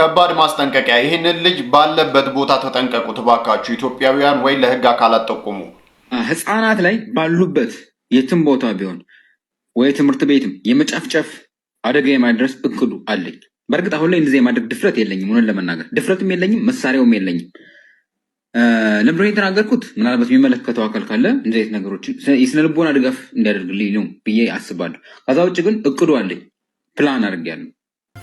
ከባድ ማስጠንቀቂያ። ይህንን ልጅ ባለበት ቦታ ተጠንቀቁ ትባካችሁ፣ ኢትዮጵያውያን፣ ወይ ለህግ አካላት ጠቁሙ። ህፃናት ላይ ባሉበት የትም ቦታ ቢሆን ወይ ትምህርት ቤትም የመጨፍጨፍ አደጋ የማድረስ እክሉ አለኝ። በእርግጥ አሁን ላይ እንደዚህ የማድረግ ድፍረት የለኝም፣ ሆነን ለመናገር ድፍረትም የለኝም፣ መሳሪያውም የለኝም። ለምድ የተናገርኩት? ምናልባት የሚመለከተው አካል ካለ እንደዚህ አይነት ነገሮችን የስነ ልቦና ድጋፍ እንዲያደርግልኝ ነው ብዬ አስባለሁ። ከዛ ውጭ ግን እቅዱ አለኝ፣ ፕላን አድርጌያለሁ።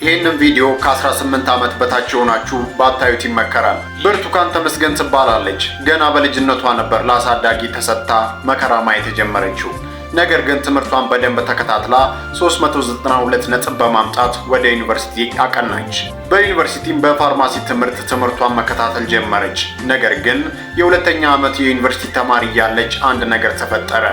ይህንን ቪዲዮ ከ18 ዓመት በታች የሆናችሁ ባታዩት ይመከራል። ብርቱካን ተመስገን ትባላለች። ገና በልጅነቷ ነበር ለአሳዳጊ ተሰጥታ መከራ ማየት የጀመረችው። ነገር ግን ትምህርቷን በደንብ ተከታትላ 392 ነጥብ በማምጣት ወደ ዩኒቨርሲቲ አቀናች። በዩኒቨርሲቲም በፋርማሲ ትምህርት ትምህርቷን መከታተል ጀመረች። ነገር ግን የሁለተኛ ዓመት የዩኒቨርሲቲ ተማሪ እያለች አንድ ነገር ተፈጠረ።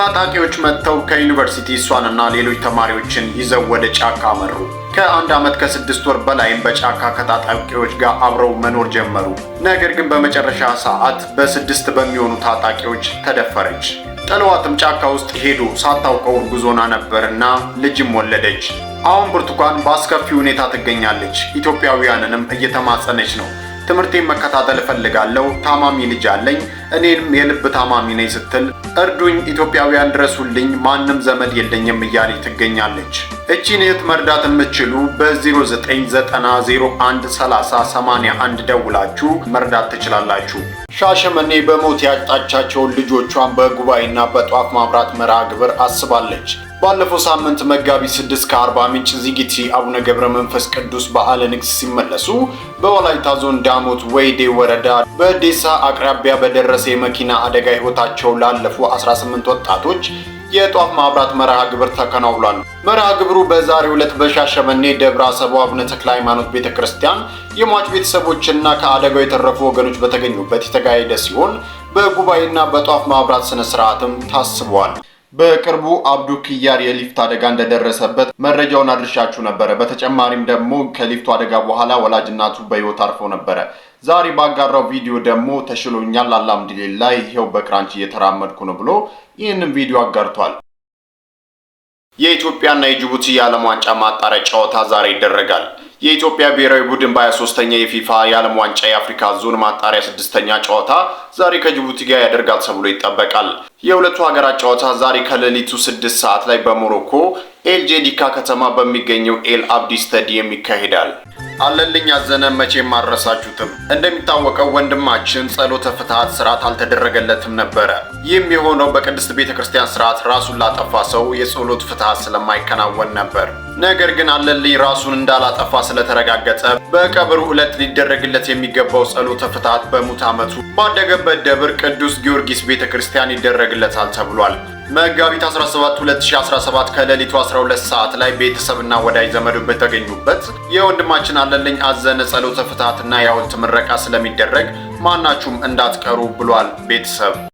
ታጣቂዎች መጥተው ከዩኒቨርሲቲ እሷንና ሌሎች ተማሪዎችን ይዘው ወደ ጫካ መሩ። ከአንድ ዓመት ከስድስት ወር በላይም በጫካ ከታጣቂዎች ጋር አብረው መኖር ጀመሩ። ነገር ግን በመጨረሻ ሰዓት በስድስት በሚሆኑ ታጣቂዎች ተደፈረች። ጥለዋትም ጫካ ውስጥ ሄዱ። ሳታውቀው ጉዞና ነበርና ልጅም ወለደች። አሁን ብርቱካን በአስከፊ ሁኔታ ትገኛለች። ኢትዮጵያውያንንም እየተማጸነች ነው። ትምህርቴን መከታተል እፈልጋለሁ። ታማሚ ልጅ አለኝ እኔም የልብ ታማሚ ነኝ ስትል እርዱኝ፣ ኢትዮጵያውያን ድረሱልኝ፣ ማንም ዘመድ የለኝም እያለች ትገኛለች። እቺን እህት መርዳት የምትችሉ በ 81 ደውላችሁ መርዳት ትችላላችሁ። ሻሸመኔ በሞት ያጣቻቸውን ልጆቿን በጉባኤና በጧፍ ማብራት መርሃ ግብር አስባለች። ባለፈው ሳምንት መጋቢት 6 ከአርባ ምንጭ ዚጊቲ አቡነ ገብረ መንፈስ ቅዱስ በዓለ ንግስ ሲመለሱ በወላይታ ዞን ዳሞት ወይዴ ወረዳ በዴሳ አቅራቢያ በደረሰ የመኪና አደጋ ሕይወታቸው ላለፉ 18 ወጣቶች የጧፍ ማብራት መርሃ ግብር ተከናውሏል። መርሃ ግብሩ በዛሬው ዕለት በሻሸመኔ ደብረ አሰቦ አቡነ ተክለ ሃይማኖት ቤተ ክርስቲያን የሟች ቤተሰቦችና ከአደጋው የተረፉ ወገኖች በተገኙበት የተካሄደ ሲሆን በጉባኤና በጧፍ ማብራት ስነ ስርዓትም ታስቧል። በቅርቡ አብዱ ኪያር የሊፍት አደጋ እንደደረሰበት መረጃውን አድርሻችሁ ነበረ። በተጨማሪም ደግሞ ከሊፍቱ አደጋ በኋላ ወላጅናቱ በህይወት አርፈው ነበረ። ዛሬ ባጋራው ቪዲዮ ደግሞ ተሽሎኛል፣ አልሐምዱሊላህ ይሄው በክራንች እየተራመድኩ ነው ብሎ ይህንን ቪዲዮ አጋርቷል። የኢትዮጵያና የጅቡቲ የዓለም ዋንጫ ማጣሪያ ጨዋታ ዛሬ ይደረጋል። የኢትዮጵያ ብሔራዊ ቡድን በ23ኛ የፊፋ የዓለም ዋንጫ የአፍሪካ ዞን ማጣሪያ ስድስተኛ ጨዋታ ዛሬ ከጅቡቲ ጋር ያደርጋል ተብሎ ይጠበቃል። የሁለቱ ሀገራት ጨዋታ ዛሬ ከሌሊቱ ስድስት ሰዓት ላይ በሞሮኮ ኤልጄዲካ ከተማ በሚገኘው ኤል አብዲ ስታዲየም ይካሄዳል። አለልኝ አዘነ መቼም አልረሳችሁትም። እንደሚታወቀው ወንድማችን ጸሎተ ፍትሐት ስርዓት አልተደረገለትም ነበረ። ይህም የሆነው በቅድስት ቤተ ክርስቲያን ስርዓት ራሱን ላጠፋ ሰው የጸሎት ፍትሐት ስለማይከናወን ነበር። ነገር ግን አለልኝ ራሱን እንዳላጠፋ ስለተረጋገጠ በቀብሩ ዕለት ሊደረግለት የሚገባው ጸሎተ ፍትሐት በሙት ዓመቱ ባደገበት ደብር ቅዱስ ጊዮርጊስ ቤተ ክርስቲያን ይደረግለታል ተብሏል። መጋቢት 17 2017 ከሌሊቱ 12 ሰዓት ላይ ቤተሰብና ወዳጅ ዘመዱ በተገኙበት የወንድማችን አለልኝ አዘነ ጸሎተ ፍትሐትና የሐውልት ምረቃ ስለሚደረግ ማናችሁም እንዳትቀሩ ብሏል ቤተሰብ።